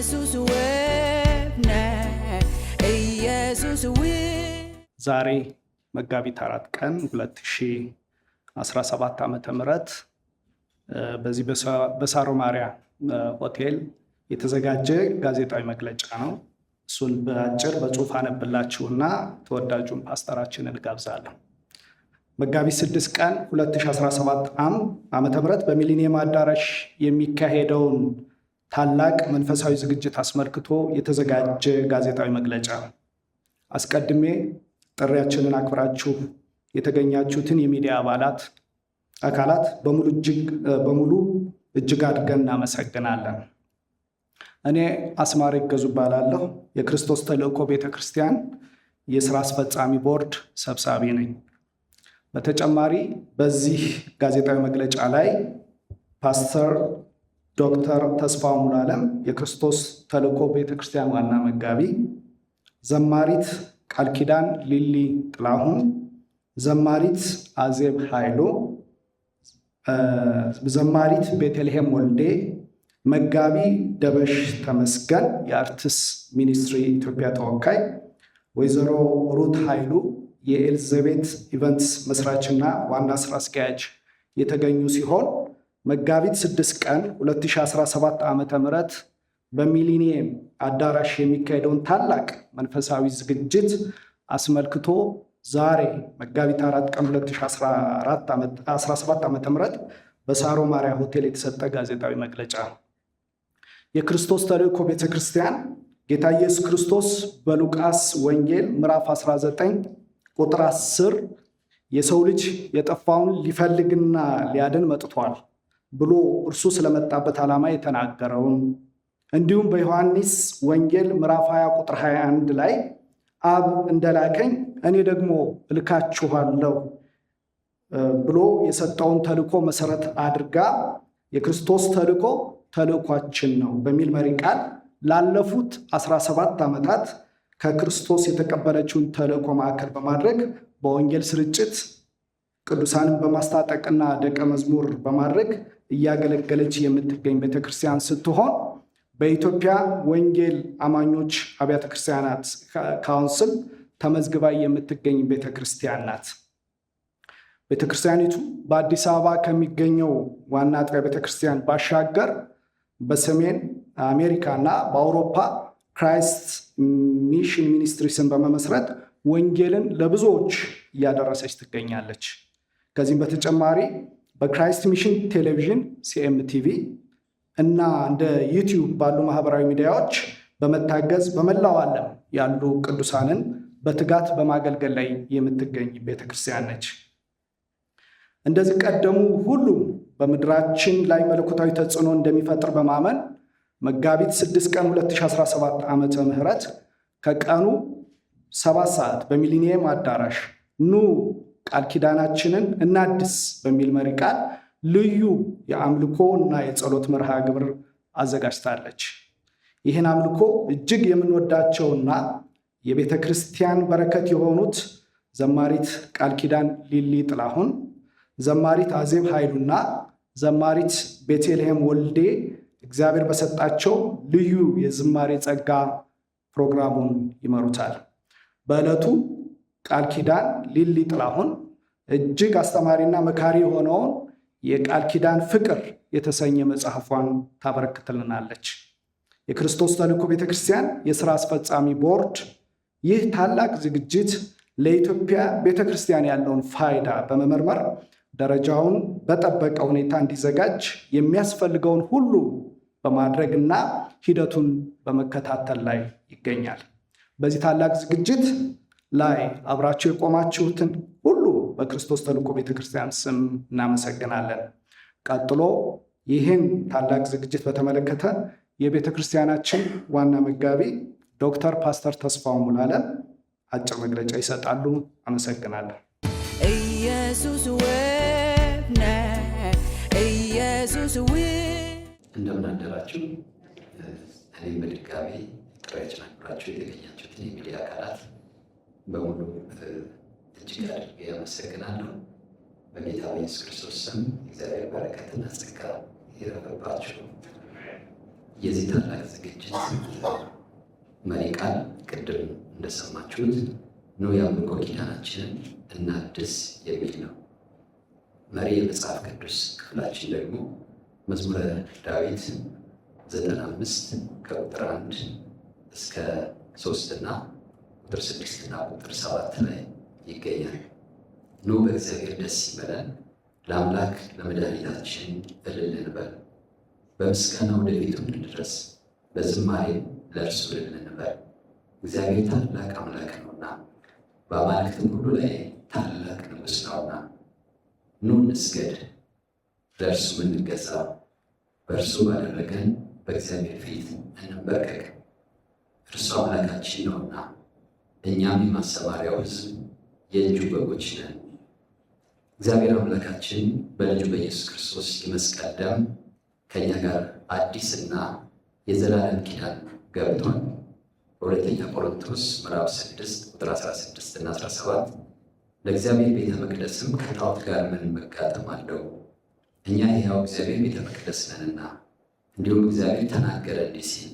ኢየሱስ ውብ ነህ ኢየሱስ ውብ። ዛሬ መጋቢት አራት ቀን 2017 ዓ ምህረት በዚህ በሳሮ ማሪያ ሆቴል የተዘጋጀ ጋዜጣዊ መግለጫ ነው። እሱን በአጭር በጽሁፍ አነብላችሁና ተወዳጁን ፓስተራችንን እጋብዛለሁ። መጋቢት 6 ቀን 2017 ዓ ምህረት በሚሊኒየም አዳራሽ የሚካሄደውን ታላቅ መንፈሳዊ ዝግጅት አስመልክቶ የተዘጋጀ ጋዜጣዊ መግለጫ። አስቀድሜ ጥሪያችንን አክብራችሁ የተገኛችሁትን የሚዲያ አባላት አካላት በሙሉ እጅግ አድርገን እናመሰግናለን። እኔ አስማሪ ይገዙ እባላለሁ። የክርስቶስ ተልእኮ ቤተ ክርስቲያን የስራ አስፈጻሚ ቦርድ ሰብሳቢ ነኝ። በተጨማሪ በዚህ ጋዜጣዊ መግለጫ ላይ ፓስተር ዶክተር ተስፋ ሙሉዓለም የክርስቶስ ተልእኮ ቤተክርስቲያን ዋና መጋቢ፣ ዘማሪት ቃልኪዳን ሊሊ ጥላሁን፣ ዘማሪት አዜብ ኃይሉ፣ ዘማሪት ቤተልሔም ወልዴ፣ መጋቢ ደበሽ ተመስገን የአርትስ ሚኒስትሪ ኢትዮጵያ ተወካይ፣ ወይዘሮ ሩት ኃይሉ የኤልዘቤት ኢቨንትስ መስራችና ዋና ስራ አስኪያጅ የተገኙ ሲሆን መጋቢት 6 ቀን 2017 ዓ ም በሚሊኒየም አዳራሽ የሚካሄደውን ታላቅ መንፈሳዊ ዝግጅት አስመልክቶ ዛሬ መጋቢት 4 ቀን 2017 ዓ ም በሳሮ ማሪያ ሆቴል የተሰጠ ጋዜጣዊ መግለጫ ነው። የክርስቶስ ተልእኮ ቤተ ክርስቲያን ጌታ ኢየሱስ ክርስቶስ በሉቃስ ወንጌል ምዕራፍ 19 ቁጥር 10 የሰው ልጅ የጠፋውን ሊፈልግና ሊያድን መጥቷል ብሎ እርሱ ስለመጣበት ዓላማ የተናገረውን እንዲሁም በዮሐንስ ወንጌል ምዕራፍ 20 ቁጥር 21 ላይ አብ እንደላከኝ እኔ ደግሞ እልካችኋለሁ ብሎ የሰጠውን ተልእኮ መሰረት አድርጋ የክርስቶስ ተልእኮ ተልእኳችን ነው በሚል መሪ ቃል ላለፉት 17 ዓመታት ከክርስቶስ የተቀበለችውን ተልእኮ ማዕከል በማድረግ በወንጌል ስርጭት ቅዱሳንን በማስታጠቅና ደቀ መዝሙር በማድረግ እያገለገለች የምትገኝ ቤተክርስቲያን ስትሆን በኢትዮጵያ ወንጌል አማኞች አብያተ ክርስቲያናት ካውንስል ተመዝግባ የምትገኝ ቤተክርስቲያን ናት። ቤተክርስቲያኒቱ በአዲስ አበባ ከሚገኘው ዋና አጥቢያ ቤተክርስቲያን ባሻገር በሰሜን አሜሪካ እና በአውሮፓ ክራይስት ሚሽን ሚኒስትሪስን በመመስረት ወንጌልን ለብዙዎች እያደረሰች ትገኛለች። ከዚህም በተጨማሪ በክራይስት ሚሽን ቴሌቪዥን ሲኤምቲቪ እና እንደ ዩቲዩብ ባሉ ማህበራዊ ሚዲያዎች በመታገዝ በመላው ዓለም ያሉ ቅዱሳንን በትጋት በማገልገል ላይ የምትገኝ ቤተክርስቲያን ነች። እንደዚህ ቀደሙ ሁሉም በምድራችን ላይ መለኮታዊ ተጽዕኖ እንደሚፈጥር በማመን መጋቢት 6 ቀን 2017 ዓመተ ምህረት ከቀኑ ሰባት ሰዓት በሚሊኒየም አዳራሽ ኑ ቃል ኪዳናችንን እናድስ በሚል መሪ ቃል ልዩ የአምልኮ እና የጸሎት መርሃ ግብር አዘጋጅታለች። ይህን አምልኮ እጅግ የምንወዳቸውና የቤተ ክርስቲያን በረከት የሆኑት ዘማሪት ቃል ኪዳን ሊሊ ጥላሁን፣ ዘማሪት አዜብ ኃይሉና ዘማሪት ቤቴልሔም ወልዴ እግዚአብሔር በሰጣቸው ልዩ የዝማሬ ጸጋ ፕሮግራሙን ይመሩታል። በዕለቱ ቃል ኪዳን ሊሊ ጥላሁን እጅግ አስተማሪና መካሪ የሆነውን የቃል ኪዳን ፍቅር የተሰኘ መጽሐፏን ታበረክትልናለች። የክርስቶስ ተልእኮ ቤተክርስቲያን የስራ አስፈጻሚ ቦርድ ይህ ታላቅ ዝግጅት ለኢትዮጵያ ቤተክርስቲያን ያለውን ፋይዳ በመመርመር ደረጃውን በጠበቀ ሁኔታ እንዲዘጋጅ የሚያስፈልገውን ሁሉ በማድረግና ሂደቱን በመከታተል ላይ ይገኛል። በዚህ ታላቅ ዝግጅት ላይ አብራችሁ የቆማችሁትን ሁሉ በክርስቶስ ተልእኮ ቤተክርስቲያን ስም እናመሰግናለን። ቀጥሎ ይህን ታላቅ ዝግጅት በተመለከተ የቤተ ክርስቲያናችን ዋና መጋቢ ዶክተር ፓስተር ተስፋው ሙላለ አጭር መግለጫ ይሰጣሉ። አመሰግናለን። ኢየሱስ ውብ ነው። ኢየሱስ ውብ። እንደምን እኔም በድጋሚ ጥሪያችን አክብራችሁ የተገኛችሁትን የሚዲያ አካላት በሙሉ እጅግ አድርጌ ያመሰግናለሁ በጌታ በኢየሱስ ክርስቶስ ስም እግዚአብሔር በረከትና ጸጋ ይረፍባችሁ። የዚህ ታላቅ ዝግጅት መሪ ቃል ቅድም እንደሰማችሁት ኑ የአምልኮ ኪዳናችንን እናድስ የሚል ነው። መሪ የመጽሐፍ ቅዱስ ክፍላችን ደግሞ መዝሙረ ዳዊት ዘጠና አምስት ከቁጥር አንድ እስከ ሶስትና ቁጥር ስድስት እና ቁጥር ሰባት ላይ ይገኛል። ኑ በእግዚአብሔር ደስ ይበለን፣ ለአምላክ ለመድኃኒታችን እልል እንበል። በምስጋና ወደ ቤቱ እንድረስ፣ በዝማሬም ለእርሱ እልል እንበል። እግዚአብሔር ታላቅ አምላክ ነውና፣ በአማልክትም ሁሉ ላይ ታላቅ ንጉሥ ነውና። ኑ እንስገድ፣ ለእርሱ እንገዛ፣ በእርሱ ባደረገን በእግዚአብሔር ፊት እንበርከክ። እርሱ አምላካችን ነውና እኛም ማሰማሪያው ሕዝብ የልጁ በጎች ነን። እግዚአብሔር አምላካችን በልጁ በኢየሱስ ክርስቶስ የመስቀል ደም ከእኛ ጋር አዲስና የዘላለም ኪዳን ገብቷል። በሁለተኛ ቆሮንቶስ ምዕራፍ 6 ቁጥር 16 እና 17 ለእግዚአብሔር ቤተ መቅደስም ከጣዖት ጋር ምን መጋጠም አለው? እኛ ይኸው እግዚአብሔር ቤተ መቅደስ ነንና፣ እንዲሁም እግዚአብሔር ተናገረ እንዲህ ሲል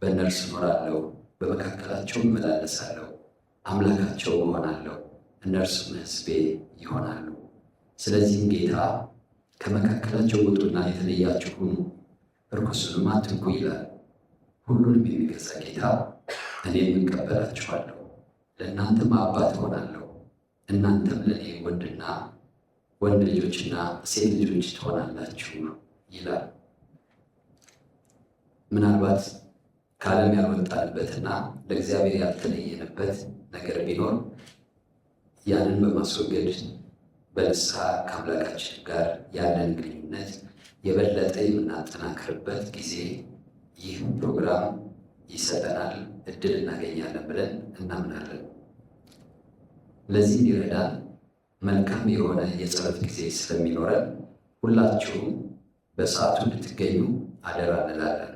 በእነርሱ እኖራለሁ፣ በመካከላቸው እመላለሳለሁ አምላካቸው እሆናለሁ፣ እነርሱም ሕዝቤ ይሆናሉ። ስለዚህም ጌታ ከመካከላቸው ውጡና የተለያችሁ ሁኑ፣ እርኩሱንም አትንኩ ይላል። ሁሉንም የሚገዛ ጌታ እኔም እቀበላችኋለሁ፣ ለእናንተም አባት እሆናለሁ፣ እናንተም ለእኔ ወንድና ወንድ ልጆችና ሴት ልጆች ትሆናላችሁ ይላል። ምናልባት ከዓለም ያልወጣንበትና ለእግዚአብሔር ያልተለየንበት ነገር ቢኖር ያንን በማስወገድ በንስሐ ከአምላካችን ጋር ያለን ግንኙነት የበለጠ የምናጠናክርበት ጊዜ ይህ ፕሮግራም ይሰጠናል፣ እድል እናገኛለን ብለን እናምናለን። ለዚህ ይረዳል መልካም የሆነ የጸሎት ጊዜ ስለሚኖረን ሁላችሁም በሰዓቱ እንድትገኙ አደራ እንላለን።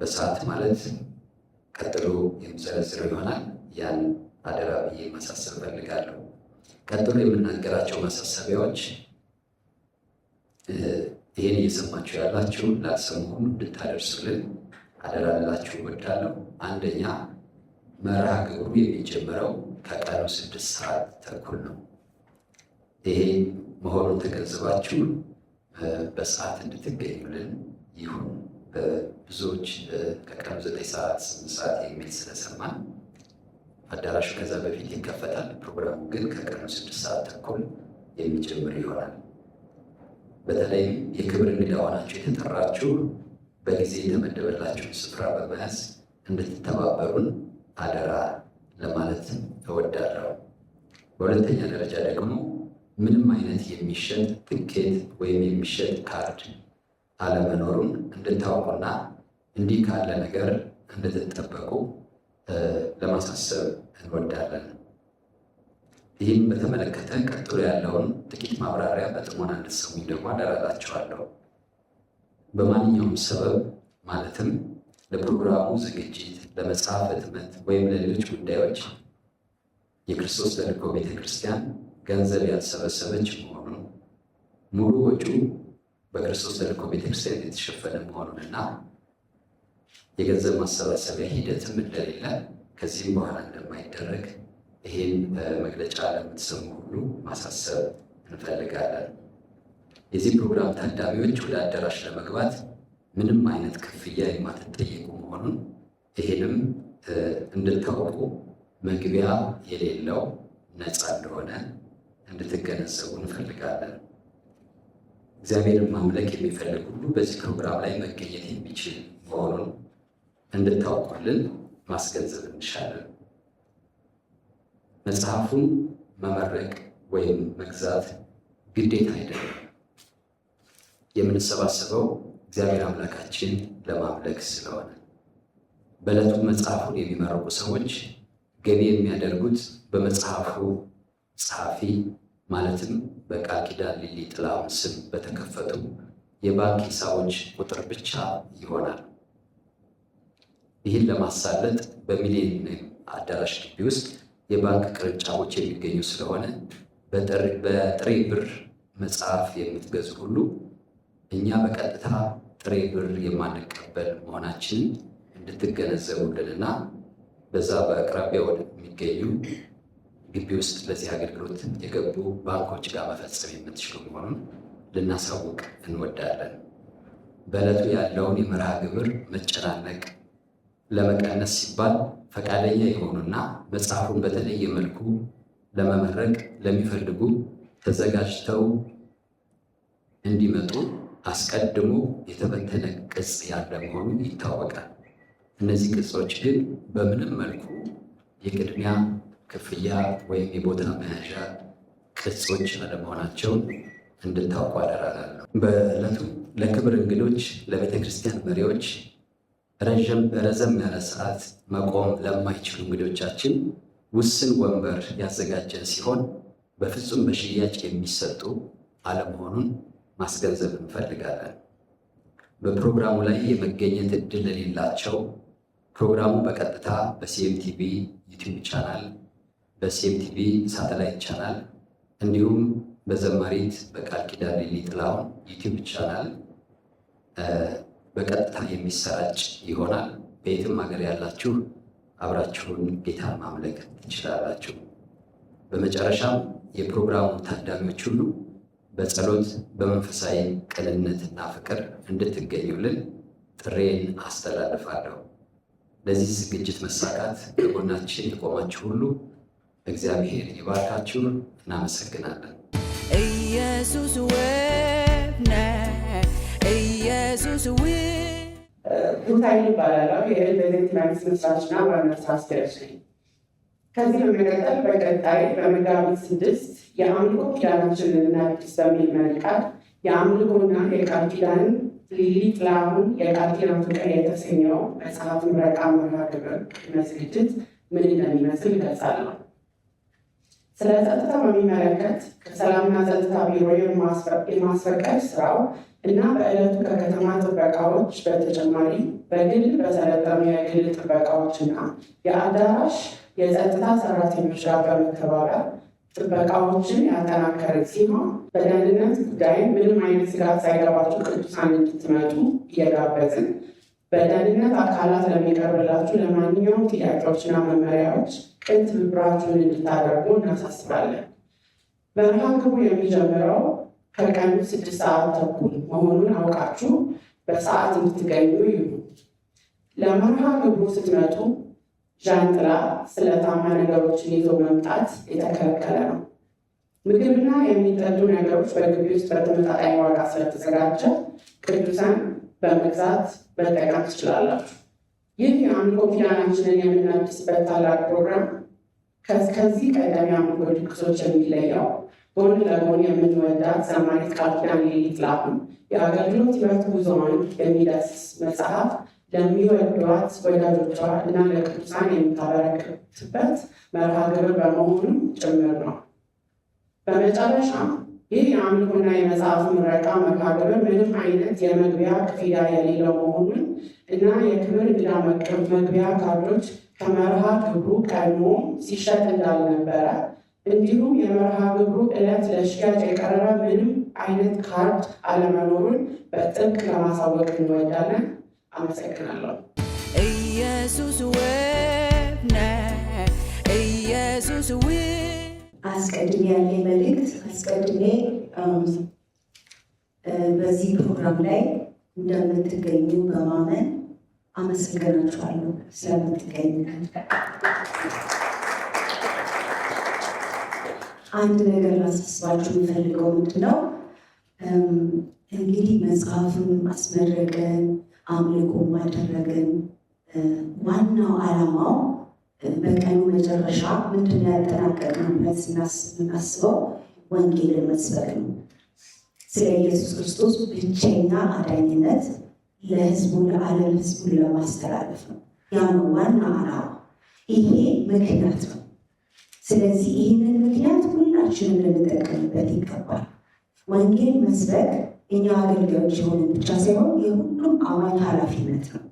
በሰዓት ማለት ቀጥሎ የምሰለስለው ይሆናል። ያን አደራ ብዬ ማሳሰብ ፈልጋለሁ። ቀጥሎ የምናገራቸው ማሳሰቢያዎች ይህን እየሰማችሁ ያላችሁ ላሰሙ ሁሉ እንድታደርሱልን አደራ ልላችሁ እወዳለሁ። አንደኛ መርሃ ግብሩ የሚጀምረው ከቀኑ ስድስት ሰዓት ተኩል ነው። ይሄ መሆኑን ተገንዝባችሁ በሰዓት እንድትገኙልን ይሁን። ብዙዎች ከቀኑ ዘጠኝ ሰዓት ስምንት ሰዓት የሚል ስለሰማን አዳራሹ ከዛ በፊት ይከፈታል። ፕሮግራሙ ግን ከቀኑ ስድስት ሰዓት ተኩል የሚጀምር ይሆናል። በተለይ የክብር እንግዳ ሆናችሁ የተጠራችሁ በጊዜ የተመደበላችሁን ስፍራ በመያዝ እንድትተባበሩን አደራ ለማለት እወዳለሁ። በሁለተኛ ደረጃ ደግሞ ምንም አይነት የሚሸጥ ትኬት ወይም የሚሸጥ ካርድ አለመኖሩን እንድታውቁና እንዲህ ካለ ነገር እንድትጠበቁ ለማሳሰብ እንወዳለን። ይህም በተመለከተ ቀጥሎ ያለውን ጥቂት ማብራሪያ በጥሞና እንድትሰሙኝ ደግሞ አደራላችኋለሁ። በማንኛውም ሰበብ ማለትም ለፕሮግራሙ ዝግጅት፣ ለመጽሐፍ ህትመት ወይም ለሌሎች ጉዳዮች የክርስቶስ ተልእኮ ቤተክርስቲያን ገንዘብ ያልሰበሰበች መሆኑን ሙሉ ወጪው በክርስቶስ ተልእኮ ቤተክርስቲያን የተሸፈነ መሆኑንና የገንዘብ ማሰባሰቢያ ሂደትም እንደሌለ ከዚህም በኋላ እንደማይደረግ ይህን በመግለጫ ለምትሰሙ ሁሉ ማሳሰብ እንፈልጋለን። የዚህ ፕሮግራም ታዳሚዎች ወደ አዳራሽ ለመግባት ምንም አይነት ክፍያ የማትጠየቁ መሆኑን ይህንም እንድታውቁ መግቢያ የሌለው ነፃ እንደሆነ እንድትገነዘቡ እንፈልጋለን። እግዚአብሔርን ማምለክ የሚፈልግ ሁሉ በዚህ ፕሮግራም ላይ መገኘት የሚችል መሆኑን እንድታውቁልን ማስገንዘብ እንሻለን። መጽሐፉን መመረቅ ወይም መግዛት ግዴታ አይደለም። የምንሰባሰበው እግዚአብሔር አምላካችን ለማምለክ ስለሆነ በዕለቱ መጽሐፉን የሚመረቁ ሰዎች ገቢ የሚያደርጉት በመጽሐፉ ጸሐፊ ማለትም በቃል ኪዳን ሊሊ ጥላሁን ስም በተከፈቱ የባንክ ሂሳቦች ቁጥር ብቻ ይሆናል። ይህን ለማሳለጥ በሚሊኒየም አዳራሽ ግቢ ውስጥ የባንክ ቅርንጫፎች የሚገኙ ስለሆነ በጥሬ ብር መጽሐፍ የምትገዙ ሁሉ እኛ በቀጥታ ጥሬ ብር የማንቀበል መሆናችንን እንድትገነዘቡልንና በዛ በአቅራቢያ ወደሚገኙ ግቢ ውስጥ ለዚህ አገልግሎት የገቡ ባንኮች ጋር መፈጸም የምትችሉ መሆኑን ልናሳውቅ እንወዳለን። በዕለቱ ያለውን የመርሃ ግብር መጨናነቅ ለመቀነስ ሲባል ፈቃደኛ የሆኑና መጽሐፉን በተለየ መልኩ ለመመረቅ ለሚፈልጉ ተዘጋጅተው እንዲመጡ አስቀድሞ የተበተነ ቅጽ ያለ መሆኑ ይታወቃል። እነዚህ ቅጾች ግን በምንም መልኩ የቅድሚያ ክፍያ ወይም የቦታ መያዣ ቅጾች አለመሆናቸው እንድታውቁ አደራ በዕለቱ ለክብር እንግዶች፣ ለቤተክርስቲያን መሪዎች ረዥም ረዘም ያለ ሰዓት መቆም ለማይችሉ እንግዶቻችን ውስን ወንበር ያዘጋጀ ሲሆን በፍጹም በሽያጭ የሚሰጡ አለመሆኑን ማስገንዘብ እንፈልጋለን። በፕሮግራሙ ላይ የመገኘት እድል ለሌላቸው ፕሮግራሙ በቀጥታ በሲኤምቲቪ ዩቲዩብ ቻናል፣ በሲኤምቲቪ ሳተላይት ቻናል እንዲሁም በዘማሪት በቃል ኪዳን ሊሊ ጥላሁን ዩቲዩብ ቻናል በቀጥታ የሚሰራጭ ይሆናል። በየትም ሀገር ያላችሁ አብራችሁን ጌታ ማምለክ ትችላላችሁ። በመጨረሻም የፕሮግራሙ ታዳሚዎች ሁሉ በጸሎት በመንፈሳዊ ቅንነትና ፍቅር እንድትገኙልን ጥሬን አስተላልፋለሁ። ለዚህ ዝግጅት መሳካት ከጎናችን የቆማችሁ ሁሉ እግዚአብሔር ይባርካችሁ። እናመሰግናለን። ኢየሱስ ውብ ነህ፣ ኢየሱስ ትንሳኤ ይባላለው የእህል በዘይት መንግስት መስራችና ባለመርሳ አስኪያጅ ነኝ። ከዚህ በመቀጠል በቀጣይ በመጋቢት ስድስት የአምልኮ ኪዳናችንን እናድስ በሚል መሪ ቃል የአምልኮና የቃል ኪዳንን ሊሊ ጥላሁን የቃል ኪዳን ፍቅር የተሰኘው መጽሐፍ ምረቃ መርሃ ግብር ቅድመ ዝግጅት ምን እንደሚመስል ይገልጻል ስለ ጸጥታ በሚመለከት ከሰላምና ጸጥታ ቢሮ የማስፈቀድ ስራው እና በዕለቱ ከከተማ ጥበቃዎች በተጨማሪ በግል በሰለጠኑ የግል ጥበቃዎች እና የአዳራሽ የጸጥታ ሰራተኞች ጋር በመተባበር ጥበቃዎችን ያጠናከረ ሲሆን በደህንነት ጉዳይ ምንም አይነት ስጋት ሳይገባቸው ቅዱሳን እንድትመጡ እየጋበዝን በደህንነት አካላት ለሚቀርብላችሁ ለማንኛውም ጥያቄዎችና መመሪያዎች ቅን ትብብራችሁን እንድታደርጉ እናሳስባለን። መርሃ ግብሩ የሚጀምረው ከቀኑ ስድስት ሰዓት ተኩል መሆኑን አውቃችሁ በሰዓት እንድትገኙ ይሁን። ለመርሃ ግብሩ ስትመጡ ዣንጥላ፣ ስለታማ ነገሮችን ይዞ መምጣት የተከለከለ ነው። ምግብና የሚጠጡ ነገሮች በግቢ ውስጥ በተመጣጣኝ ዋጋ ስለተዘጋጀ ቅዱሳን በመግዛት መጠቀም ትችላላችሁ። ይህ የአምልኮ ኪዳናችንን የምናድስበት ታላቅ ፕሮግራም ከዚህ ቀደም የአምልኮ ድግሶች የሚለየው ጎን ለጎን የምንወዳት ዘማሪት ቃል ኪዳን ሌሊት ላሁን የአገልግሎት ሕይወት ጉዞዋን የሚዳስስ መጽሐፍ ለሚወዷት ወዳጆቿ እና ለቅዱሳን የምታበረክትበት መርሃ ግብር በመሆኑም ጭምር ነው። በመጨረሻ ይህ የአምልኮና የመጽሐፍ ምረቃ መርሃግብር ምንም አይነት የመግቢያ ክፍያ የሌለው መሆኑን እና የክብር እንግዳ መግቢያ ካርዶች ከመርሃ ግብሩ ቀድሞ ሲሸጥ እንዳልነበረ እንዲሁም የመርሃ ግብሩ ዕለት ለሽያጭ የቀረበ ምንም አይነት ካርድ አለመኖሩን በጥብቅ ለማሳወቅ እንወዳለን። አመሰግናለሁ። ኢየሱስ ውብ ነህ፣ ኢየሱስ ውብ አስቀድሜ ያለ መልእክት አስቀድሜ በዚህ ፕሮግራም ላይ እንደምትገኙ በማመን አመሰግናችኋለሁ ስለምትገኙ። አንድ ነገር ላሳስባችሁ የምፈልገው ምንድን ነው እንግዲህ መጽሐፍም አስመረቀን አምልኮም አደረገን ዋናው ዓላማው በቀኑ መጨረሻ ምንድን ያጠናቀቅነው ስናስብ የምናስበው ወንጌልን መስበክ ነው። ስለ ኢየሱስ ክርስቶስ ብቸኛ አዳኝነት ለህዝቡ ለዓለም ህዝቡን ለማስተላለፍ ነው። ያ ነው ዋና አላማ ይሄ ምክንያት ነው። ስለዚህ ይህንን ምክንያት ሁላችንም ልንጠቀምበት ይገባል። ወንጌል መስበክ እኛ አገልጋዮች የሆንን ብቻ ሳይሆን የሁሉም አማኝ ኃላፊነት ነው።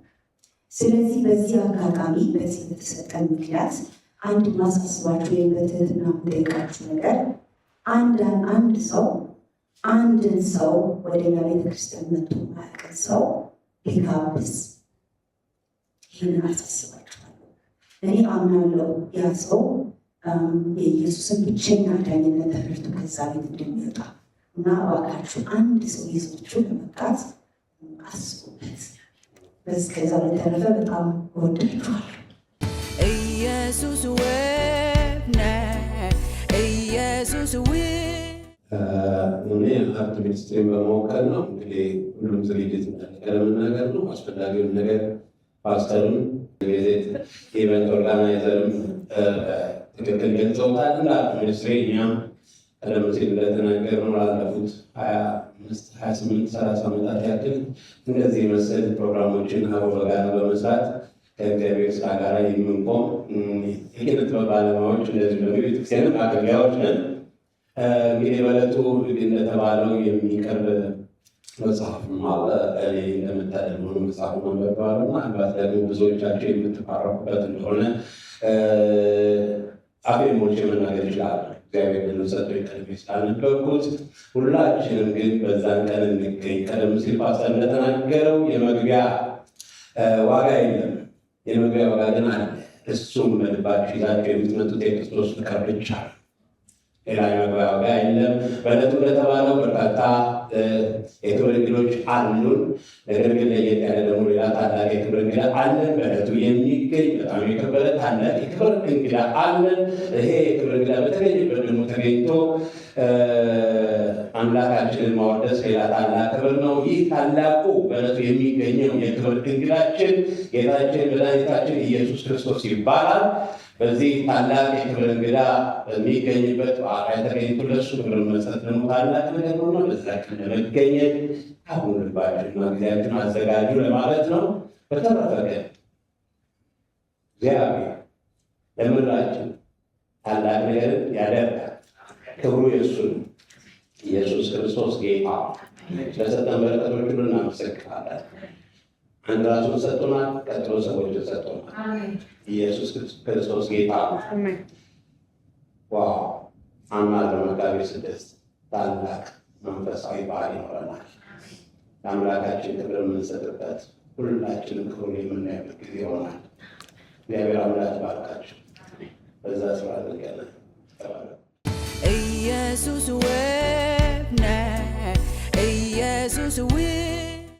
ስለዚህ በዚህ አጋጣሚ በዚህ በተሰጠን ምክንያት አንድ ማሳስባችሁ ወይም በትህትና የምጠይቃችሁ ነገር አንድ ሰው አንድን ሰው ወደ ኛ ቤተክርስቲያን መጥቶ ማያውቅን ሰው ቢጋብዝ ይህንን አሳስባችኋለሁ። እኔ አምናለሁ ያ ሰው የኢየሱስን ብቸኛ አዳኝነት ተረድቶ ከዛ ቤት እንደሚወጣ እና እባካችሁ አንድ ሰው ይዛችሁ ለመጣት አስቡበት። እስከዛ በተረፈ በጣም እወዳችኋለሁ። ኢየሱስ ውብ ነህ፣ ኢየሱስ እኔ አርት ሚኒስትሪ በመወከል ነው እንግዲህ ሁሉም ዝግጅት ለመናገር ነው አስፈላጊውን ነገር ፓስተርም ጊዜት ኢቨንት ኦርጋናይዘርም ትክክል ገንዘውታል። ለአርት ሚኒስትሪ እኛም ቀደም ሲል እንደተናገርነው ላለፉት ሀያ አምስት ሀያ ስምንት ሰላሳ ዓመታት ያክል እንደዚህ መሰል ፕሮግራሞችን አብሮ ጋር በመስራት ከእግዚአብሔር ስራ ጋር የምንቆም የኪነ ጥበብ ባለሙያዎች እንደዚህ ደግሞ ቤተክርስቲያንም አገልጋዮች ነን። እንግዲህ በዕለቱ እንደተባለው የሚቀርብ መጽሐፍ አለ። እኔ እንደምታደሙ መጽሐፍ ማንበባሉ ምናልባት ደግሞ ብዙዎቻቸው የምትባረኩበት እንደሆነ አፌን ሞቼ መናገር ይችላል። እግዚአብሔር ብሎ ሰጠው ይቀድሜ ሁላችንም ግን በዛን ቀን እንገኝ። ቀደም ሲል ፓስተር እንደተናገረው የመግቢያ ዋጋ የለም፣ የመግቢያ ዋጋ ግን አለ። እሱም በልባችሁ ይዛችሁ የምትመጡት የክርስቶስ ፍቅር ብቻ ነው። ሌላ መግባቢያ የለም። በእለቱ እንደተባለው በርካታ የክብር እንግዶች አሉን። ነገር ግን ለየት ያለ ደግሞ ሌላ ታላቅ የክብር እንግዳ አለን። በእለቱ የሚገኝ በጣም የከበረ ታላቅ የክብር እንግዳ አለን። ይሄ የክብር እንግዳ በተገኘበት ደግሞ ተገኝቶ አምላካችንን ማወደስ ሌላ ታላቅ ክብር ነው። ይህ ታላቁ በእለቱ የሚገኘው የክብር እንግዳችን ጌታችን መድኃኒታችን ኢየሱስ ክርስቶስ ይባላል። በዚህ ታላቅ የክብር እንግዳ በሚገኝበት በአራ ላይ ለሱ ክብር መስጠት ደግሞ ታላቅ ነገር ሆነ በዛችን ለመገኘት አሁን ልባችሁና ጊዜያችን አዘጋጁ ለማለት ነው። በተረፈ ግን እግዚአብሔር ለምድራችን ታላቅ ነገር ያደርጋል። ክብሩ የእሱ ኢየሱስ ክርስቶስ ጌታ ስለሰጠን በረከቶች ሁሉ እናመሰግናለን። አንድ ራሱን ሰጥቶናል፣ ቀጥሎ ሰዎችን ሰጥቶናል። ኢየሱስ ክርስቶስ ጌታ ዋ ዋው አምናለሁ። መጋቢት ስድስት ታላቅ መንፈሳዊ በዓል ይኖረናል። ለአምላካችን ክብር የምንሰጥበት ሁላችንም ክብሩን የምናይበት ጊዜ ይሆናል። እግዚአብሔር አምላክ ባርካችሁ። በዛ ስራ አድርገን ኢየሱስ ውብ ኢየሱስ ኢየሱስ